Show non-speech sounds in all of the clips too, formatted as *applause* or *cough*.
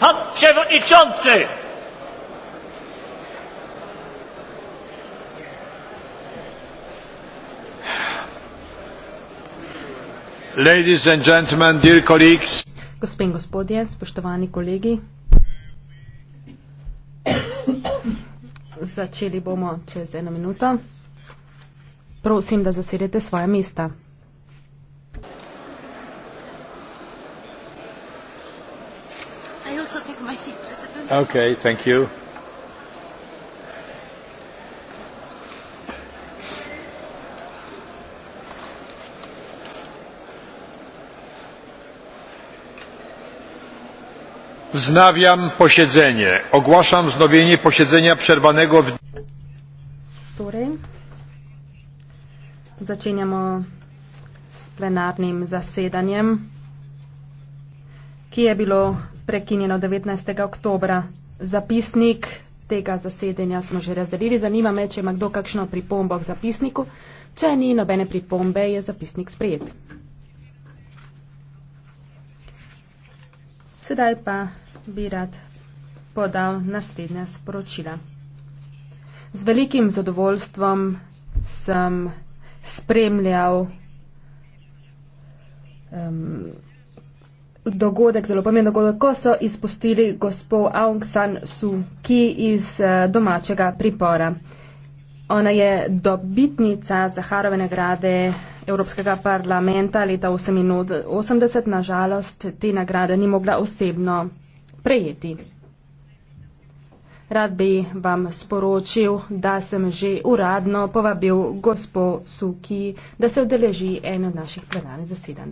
Pan Przewodniczący! Ladies and gentlemen, dear colleagues. Gospe in gospodje, spoštovani kolegi. Začeli bomo čez eno minuto. Prosim, da zasedete svoje mesta. also take my seat, President. Okay, thank you. Wznawiam posiedzenie. Ogłaszam wznowienie posiedzenia przerwanego w... ...którym torej, zaczynamy z plenarnym zasiedaniem, które było prekinjeno 19. oktobra. Zapisnik tega zasedenja smo že razdelili. Zanima me, če ima kdo kakšno pripombo k zapisniku. Če ni nobene pripombe, je zapisnik sprejet. Sedaj pa bi rad podal naslednja sporočila. Z velikim zadovoljstvom sem spremljal um, dogodek, zelo pomemben dogodek, ko so izpustili gospod Aung San Suu Kyi iz eh, domačega pripora. Ona je dobitnica Zaharove nagrade Evropskega parlamenta leta 1988, nažalost te nagrade ni mogla osebno prejeti. Rad bi vam sporočil, da sem že uradno povabil gospod Suki, da se odeleži eno od naših plenarnih zasedanj.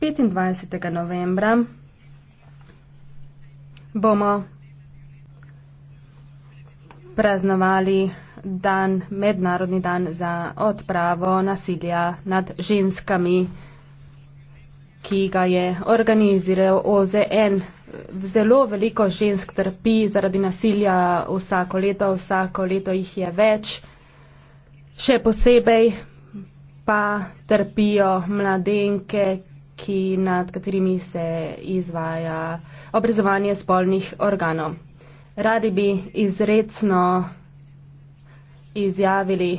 25. novembra bomo praznovali dan, mednarodni dan za odpravo nasilja nad ženskami, ki ga je organiziral OZN. Zelo veliko žensk trpi zaradi nasilja vsako leto, vsako leto jih je več. Še posebej pa trpijo mladenke, ki, nad katerimi se izvaja obrezovanje spolnih organov. Radi bi izredno izjavili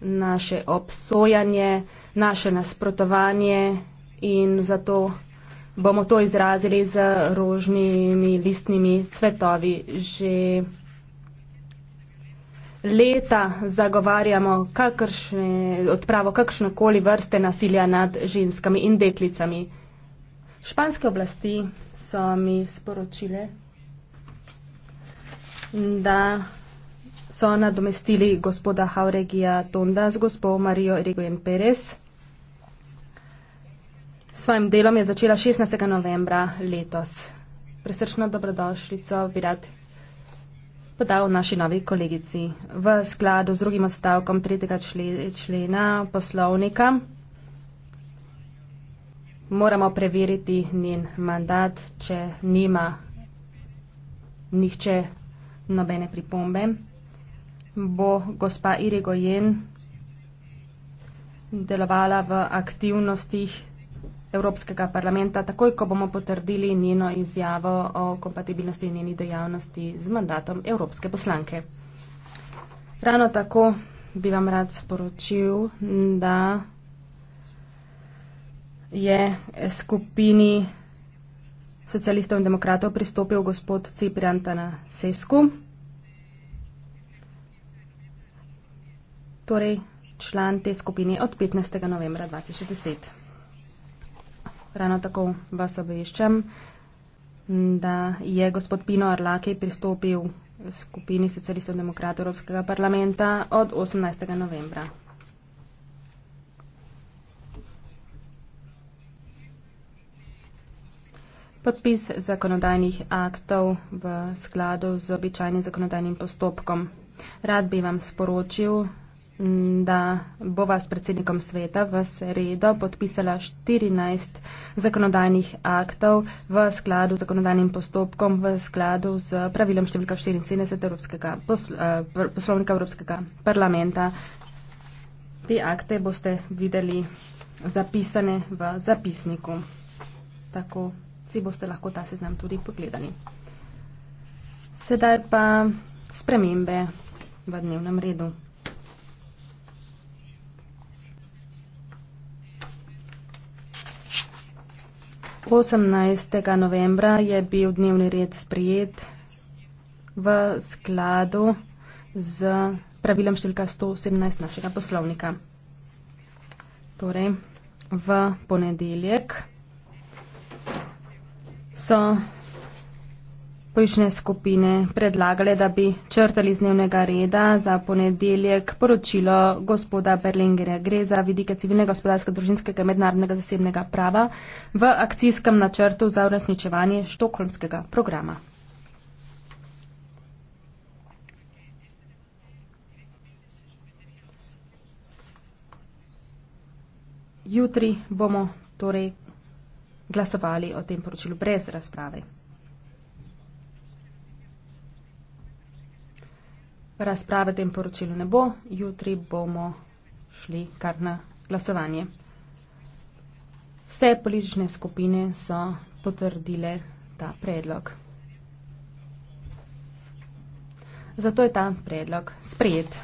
naše obsojanje, naše nasprotovanje in zato bomo to izrazili z rožnimi listnimi cvetovi že leta zagovarjamo kakršne, odpravo kakršnekoli vrste nasilja nad ženskami in deklicami. Španske oblasti so mi sporočile, da so nadomestili gospoda Hauregija Tonda z gospod Marijo Erigojen Perez. Svojim delom je začela 16. novembra letos. Presrčno dobrodošlico bi rad podal naši novi kolegici. V skladu z drugim odstavkom 3. člena poslovnika moramo preveriti njen mandat, če nima nihče nobene pripombe. Bo gospa Irigojen delovala v aktivnostih Evropskega parlamenta, takoj ko bomo potrdili njeno izjavo o kompatibilnosti njeni dejavnosti z mandatom Evropske poslanke. Ravno tako bi vam rad sporočil, da je skupini socialistov in demokratov pristopil gospod Ciprijantana Sesku, torej član te skupine od 15. novembra 2010. Ravno tako vas obveščam, da je gospod Pino Arlaki pristopil skupini socialistov demokratov Evropskega parlamenta od 18. novembra. Podpis zakonodajnih aktov v skladu z običajnim zakonodajnim postopkom. Rad bi vam sporočil, da bova s predsednikom sveta v sredo podpisala 14 zakonodajnih aktov v skladu z zakonodajnim postopkom, v skladu z pravilom številka 74 Evropskega poslo, eh, poslovnika Evropskega parlamenta. Te akte boste videli zapisane v zapisniku. Tako si boste lahko ta seznam tudi pogledali. Sedaj pa spremembe v dnevnem redu. 18. novembra je bil dnevni red sprijet v skladu z pravilom številka 117 našega poslovnika. Torej, v ponedeljek so Pojšnje skupine predlagale, da bi črtali z dnevnega reda za ponedeljek poročilo gospoda Berlingerja. Gre za vidike civilnega, gospodarskega, družinskega, mednarodnega, zasebnega prava v akcijskem načrtu za uresničevanje štokholmskega programa. Jutri bomo torej glasovali o tem poročilu brez razprave. razprave o tem poročilu ne bo, jutri bomo šli kar na glasovanje. Vse politične skupine so potrdile ta predlog. Zato je ta predlog sprejet.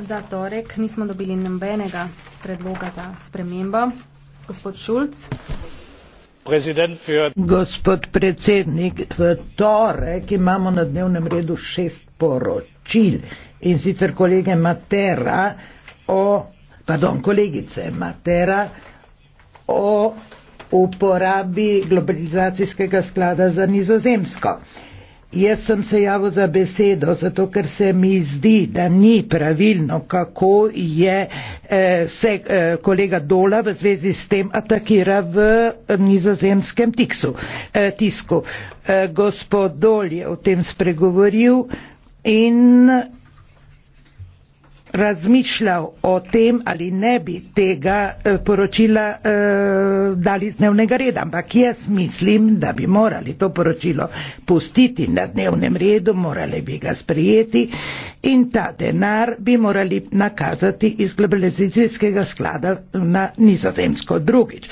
Za torek nismo dobili nobenega predloga za spremembo. Gospod Šulc. Gospod predsednik, v torek imamo na dnevnem redu šest poročil in sicer kolege Matera o, pardon, kolegice Matera o uporabi globalizacijskega sklada za nizozemsko. Jaz sem se javil za besedo, zato ker se mi zdi, da ni pravilno, kako je eh, se eh, kolega Dola v zvezi s tem atakira v nizozemskem tiksu, eh, tisku. Eh, gospod Dol je o tem spregovoril in razmišljal o tem, ali ne bi tega eh, poročila eh, dali z dnevnega reda, ampak jaz mislim, da bi morali to poročilo pustiti na dnevnem redu, morali bi ga sprijeti in ta denar bi morali nakazati iz globalizacijskega sklada na nizozemsko drugič.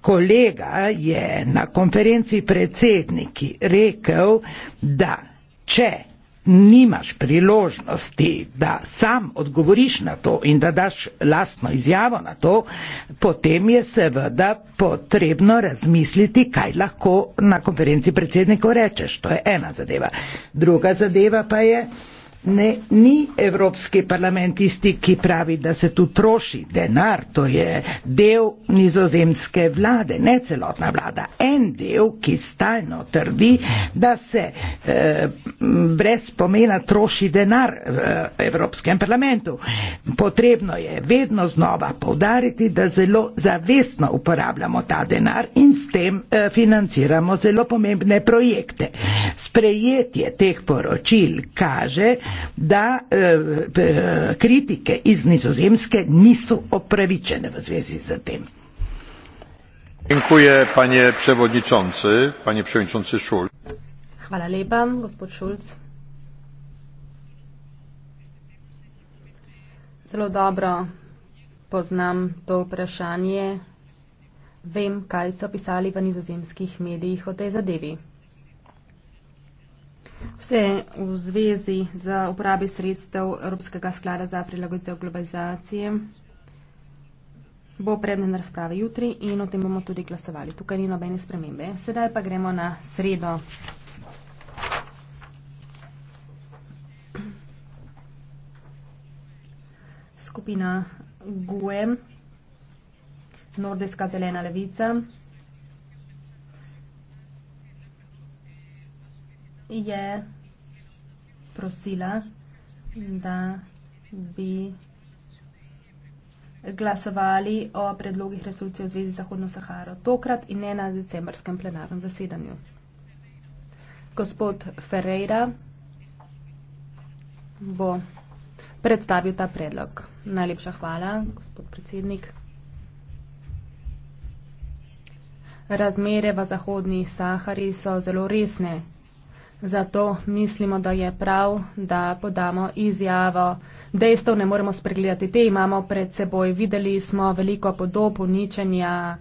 Kolega je na konferenci predsedniki rekel, da če nimaš priložnosti, da sam odgovoriš na to in da daš lastno izjavo na to, potem je seveda potrebno razmisliti, kaj lahko na konferenci predsednikov rečeš. To je ena zadeva. Druga zadeva pa je, Ne, ni Evropski parlament tisti, ki pravi, da se tu troši denar, to je del nizozemske vlade, ne celotna vlada. En del, ki stalno trdi, da se eh, brez pomena troši denar v eh, Evropskem parlamentu. Potrebno je vedno znova povdariti, da zelo zavestno uporabljamo ta denar in s tem eh, financiramo zelo pomembne projekte. Sprejetje teh poročil kaže, da e, kritike iz Nizozemske niso opravičene v zvezi z tem. Dziękuję panie przewodniczący, panie przewodniczący Schulz. Hvala lepa, gospod Schulz. Zelo dobro poznam to vprašanje. Vem, kaj so pisali v nizozemskih medijih o tej zadevi. Vse v zvezi z uporabi sredstev Evropskega sklada za prilagoditev globalizacije bo predmet razprave jutri in o tem bomo tudi glasovali. Tukaj ni nobene spremembe. Sedaj pa gremo na sredo. Skupina GUE, Nordijska zelena levica. je prosila, da bi glasovali o predlogih resolucije v zvezi z Zahodno Saharo, tokrat in ne na decembrskem plenarnem zasedanju. Gospod Ferreira bo predstavil ta predlog. Najlepša hvala, gospod predsednik. Razmere v Zahodni Sahari so zelo resne. Zato mislimo, da je prav, da podamo izjavo. Dejstev ne moremo spregledati, te imamo pred seboj. Videli smo veliko podob uničenja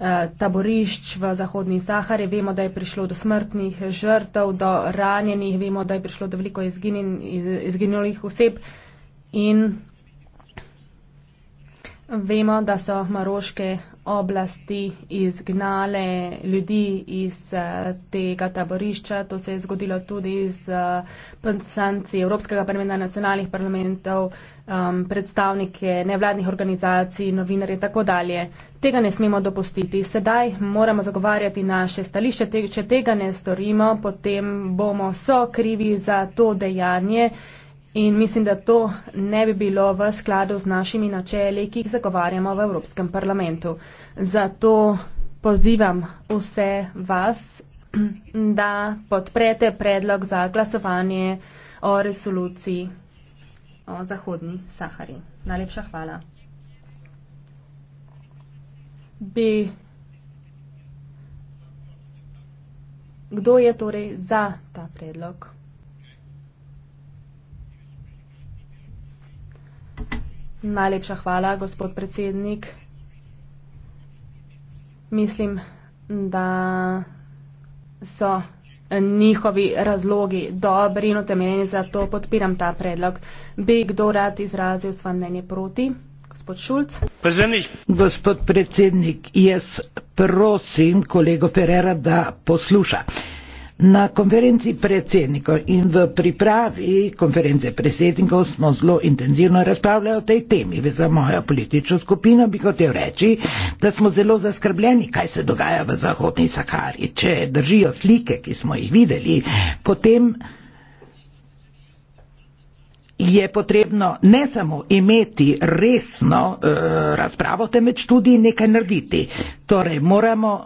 eh, taborišč v Zahodni Sahari. Vemo, da je prišlo do smrtnih žrtev, do ranjenih, vemo, da je prišlo do veliko izginulih oseb in vemo, da so maroške oblasti izgnale ljudi iz eh, tega taborišča. To se je zgodilo tudi z eh, pensanci Evropskega parlamenta, nacionalnih parlamentov, um, predstavnike nevladnih organizacij, novinarje in tako dalje. Tega ne smemo dopustiti. Sedaj moramo zagovarjati naše stališče. Če tega ne storimo, potem bomo so krivi za to dejanje. In mislim, da to ne bi bilo v skladu z našimi načeli, ki jih zagovarjamo v Evropskem parlamentu. Zato pozivam vse vas, *clears throat* da podprete predlog za glasovanje o resoluciji o Zahodni Sahari. Najlepša hvala. Bi kdo je torej za ta predlog? Najlepša hvala, gospod predsednik. Mislim, da so njihovi razlogi dobri in utemeljeni, zato podpiram ta predlog. Bi kdo rad izrazil svoje mnenje proti? Gospod Šulc. Predsednik. Gospod predsednik, jaz prosim kolego Ferrera, da posluša. Na konferenci predsednikov in v pripravi konference predsednikov smo zelo intenzivno razpravljali o tej temi. Za mojo politično skupino bi hotel reči, da smo zelo zaskrbljeni, kaj se dogaja v Zahodni Sahari. Če držijo slike, ki smo jih videli, potem je potrebno ne samo imeti resno uh, razpravo, temveč tudi nekaj narediti. Torej, moramo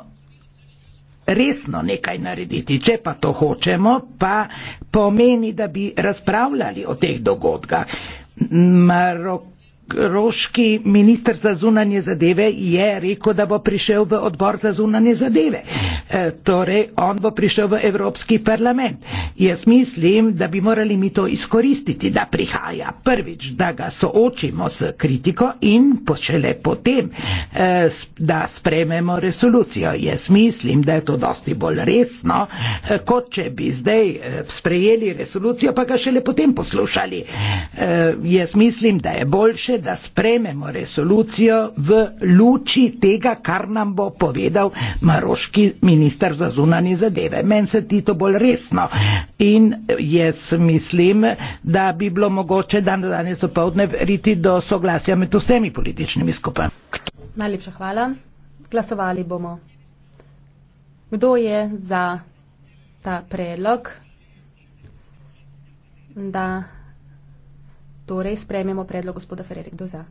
resno nekaj narediti. Če pa to hočemo, pa pomeni, da bi razpravljali o teh dogodkah. Marok Roški minister za zunanje zadeve je rekel, da bo prišel v odbor za zunanje zadeve. E, torej, on bo prišel v Evropski parlament. Jaz mislim, da bi morali mi to izkoristiti, da prihaja prvič, da ga soočimo s kritiko in počele potem, e, da sprememo resolucijo. Jaz mislim, da je to dosti bolj resno, e, kot če bi zdaj e, sprejeli resolucijo, pa ga šele potem poslušali. E, jaz mislim, da je boljše, mogoče, da sprememo resolucijo v luči tega, kar nam bo povedal maroški minister za zunanje zadeve. Meni se ti to bolj resno in jaz mislim, da bi bilo mogoče dan danes opovdne riti do soglasja med vsemi političnimi skupaj. Najlepša hvala. Glasovali bomo. Kdo je za ta predlog? Da. Torej, sprejmemo predlog gospoda Ferreri. Kdo za?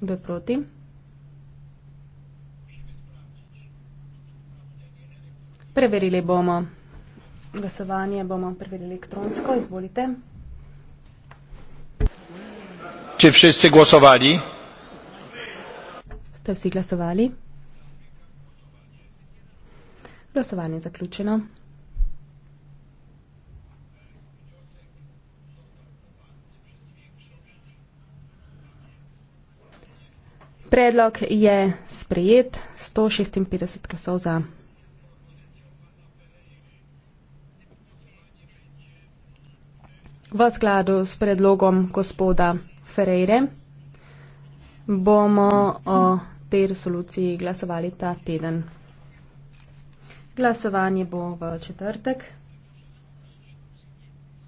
Kdo je proti? Preverili bomo. Glasovanje bomo preverili elektronsko. Izvolite. Če vsi glasovali? Ste vsi glasovali? Glasovanje je zaključeno. predlog je sprejet 156 glasov za. V skladu s predlogom gospoda Ferreire bomo o tej resoluciji glasovali ta teden. Glasovanje bo v četrtek.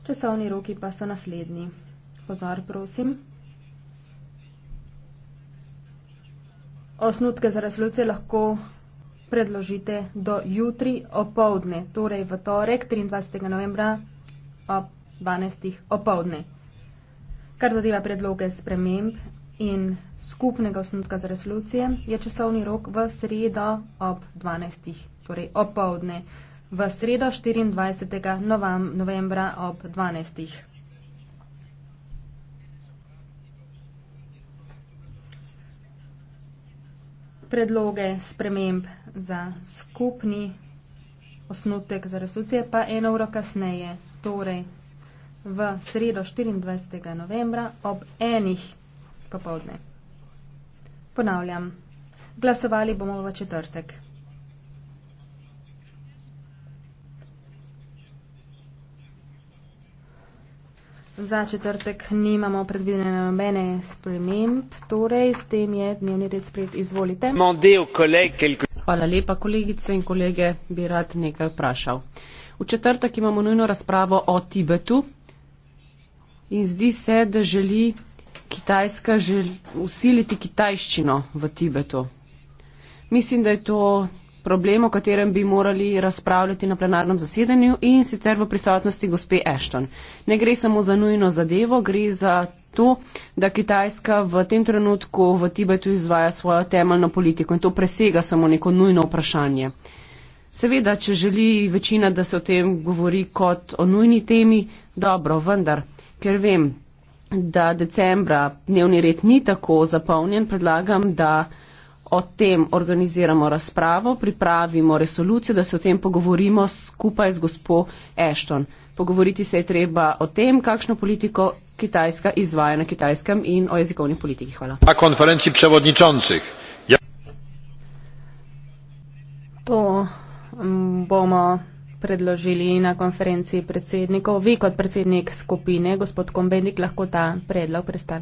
Časovni roki pa so naslednji. Pozor, prosim. osnutke za resolucije lahko predložite do jutri opoldne, torej v torek 23. novembra ob 12. opoldne. Kar zadeva predloge sprememb in skupnega osnutka za resolucije, je časovni rok v sredo ob 12. torej opoldne, v sredo 24. novembra ob 12. opoldne. predloge sprememb za skupni osnutek za resolucije, pa eno uro kasneje, torej v sredo 24. novembra ob enih popovdne. Ponavljam, glasovali bomo v četrtek. Za četrtek nimamo predvidene nobene sprememb, torej s tem je dnevni red spred. Izvolite. Hvala lepa, kolegice in kolege, bi rad nekaj vprašal. V četrtek imamo nujno razpravo o Tibetu in zdi se, da želi Kitajska želi usiliti kitajščino v Tibetu. Mislim, da je to problem, o katerem bi morali razpravljati na plenarnem zasedanju in sicer v prisotnosti gospe Ashton. Ne gre samo za nujno zadevo, gre za to, da Kitajska v tem trenutku v Tibetu izvaja svojo temeljno politiko in to presega samo neko nujno vprašanje. Seveda, če želi večina, da se o tem govori kot o nujni temi, dobro, vendar, ker vem, da decembra dnevni red ni tako zapolnjen, predlagam, da o tem organiziramo razpravo, pripravimo resolucijo, da se o tem pogovorimo skupaj z gospod Ashton. Pogovoriti se je treba o tem, kakšno politiko Kitajska izvaja na kitajskem in o jezikovni politiki. Hvala. Na konferenci prevodničoncih. Ja. To mm, bomo predložili na konferenci predsednikov. Vi kot predsednik skupine, gospod Kombendik, lahko ta predlog predstavite.